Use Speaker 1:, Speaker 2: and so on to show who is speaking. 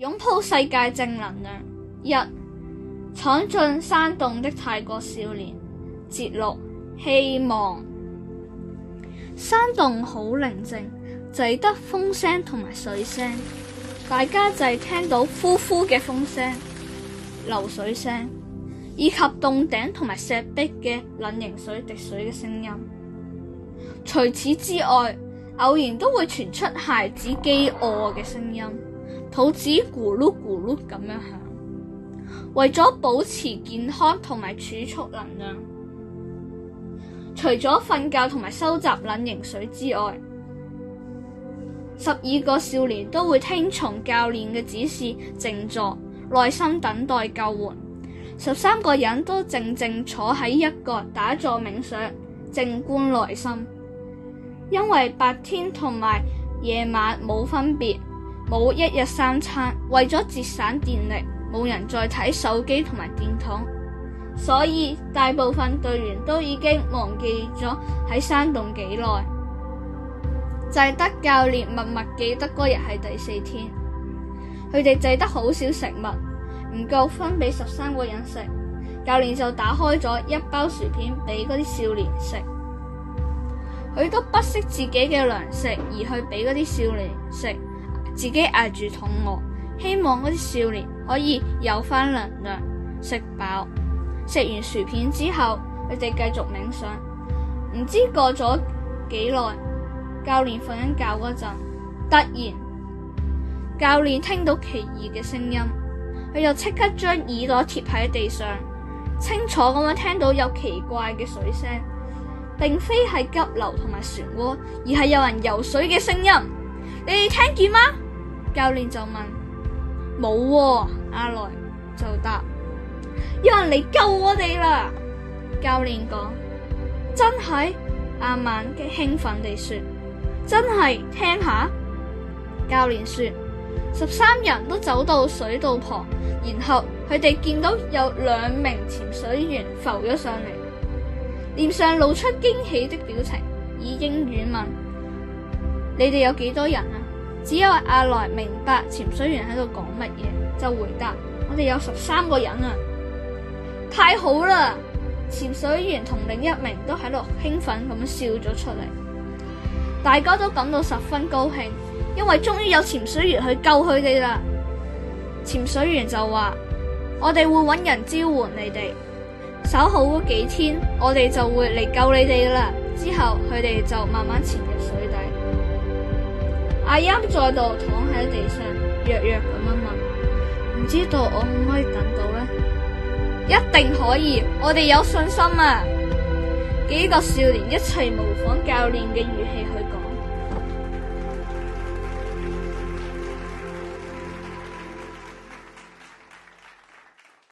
Speaker 1: 擁抱世界正能量。一闖進山洞的泰國少年，節錄希望。山洞好寧靜，就係得風聲同埋水聲。大家就係聽到呼呼嘅風聲、流水聲，以及洞頂同埋石壁嘅冷凝水滴水嘅聲音。除此之外，偶然都會傳出孩子飢餓嘅聲音。肚子咕嚕咕嚕咁樣響，為咗保持健康同埋儲蓄能量，除咗瞓覺同埋收集冷凝水之外，十二個少年都會聽從教練嘅指示靜坐，耐心等待救援。十三個人都靜靜坐喺一角打坐冥想，靜觀內心，因為白天同埋夜晚冇分別，冇一日三餐，為咗節省電力，冇人再睇手機同埋電筒，所以大部分隊員都已經忘記咗喺山洞幾耐。只得教練默默記得嗰日係第四天，佢哋只得好少食物，唔夠分俾十三個人食，教練就打開咗一包薯片俾嗰啲少年食，佢都不惜自己嘅糧食而去俾嗰啲少年食。自己挨住肚餓，希望嗰啲少年可以有翻能量食飽。食完薯片之後，佢哋繼續冥想。唔知過咗幾耐，教練瞓緊覺嗰陣，突然教練聽到奇異嘅聲音，佢又即刻將耳朵貼喺地上，清楚咁樣聽到有奇怪嘅水聲，並非係急流同埋漩渦，而係有人游水嘅聲音。你哋聽見嗎？教練就問：冇阿、啊啊、來就答：有人嚟救我哋啦！教練講：真係阿曼興奮地說：真係聽下！教練說：十三人都走到水道旁，然後佢哋見到有兩名潛水員浮咗上嚟，臉上露出驚喜的表情，以英語問：你哋有幾多人啊？只有阿來明白潛水員喺度講乜嘢，就回答：我哋有十三個人啊！太好啦！潛水員同另一名都喺度興奮咁笑咗出嚟，大家都感到十分高興，因為終於有潛水員去救佢哋啦！潛水員就話：我哋會揾人召喚你哋，守好嗰幾天，我哋就會嚟救你哋啦！之後佢哋就慢慢潛入水底。阿音再度躺喺地上，弱弱咁樣問：唔知道我可唔可以等到咧？一定可以，我哋有信心啊！幾個少年一齊模仿教練嘅語氣去。